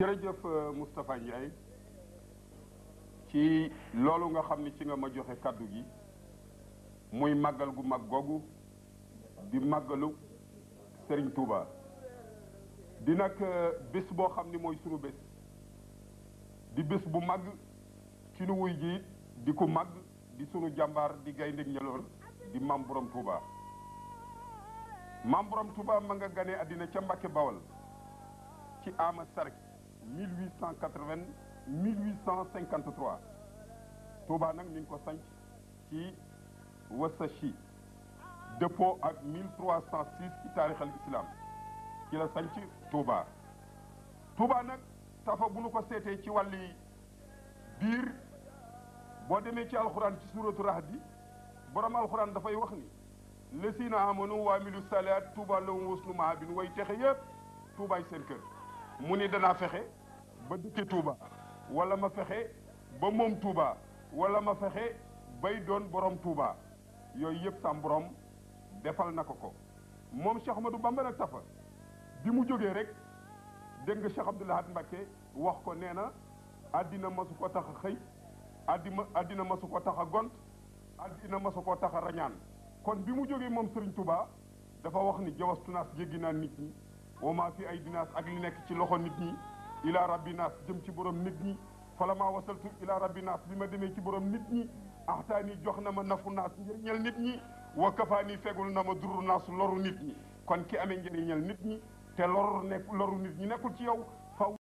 jërëjëf euh, Moustapha Ndiaye ci loolu nga xam ni ci nga ma joxe kàddu gi muy màggal gu mag googu di màggalu sëriñ Touba di nag euh, bés boo xam ni mooy sunu bés di bés bu mag ci nu wuy ji di ku màgg di sunu jàmbaar di gaynde ñëloor di maam borom Touba maam borom Touba ma nga ganee àddina ca Mbàkke Bawal ci ama sarki 1880 1853 Touba nag ni ngi ko sanc ci Wasashi dëppoo ak 1306 ci taarix al islam ci la sanc Touba Touba nag tafa bu nu ko seetee ci wàlli biir boo demee ci alxuraan ci suuratu Rahdi boroom alxuraan dafay wax ni lesina amanu waamilu salaat Touba lahum husnu maabin way texe yëpp Toubaay seen kër mu ni danaa fexe ba dëkke tuuba wala ma fexe ba moom Touba wala ma fexe bay doon borom Touba yooyu yëpp sam defal na ko ko moom Cheikh Ahmadou Bamba nag tafa bi mu jógee rek dégg nga Cheikh Abdoul Ahad Mbacké wax ko nee na addina masu ko tax a xëy addina addina masu ko tax a gont addina masu ko tax a rañaan kon bi mu jógee moom Serigne Touba dafa wax ni jawastunaas jéggi naa nit ñi wa maa fi ay dinaas ak li nekk ci loxo nit ñi ilaa rabbi naas jëm ci borom nit ñi fala maa wasaltu ila rabbi naas bi ma demee ci borom nit ñi axtaani jox na ma nafu naas njëriñal nit ñi wa kafaani fegul na ma duru naas loru nit ñi kon ki amee njëriñal nit ñi te loru nekk loru nit ñi nekkul ci yow faw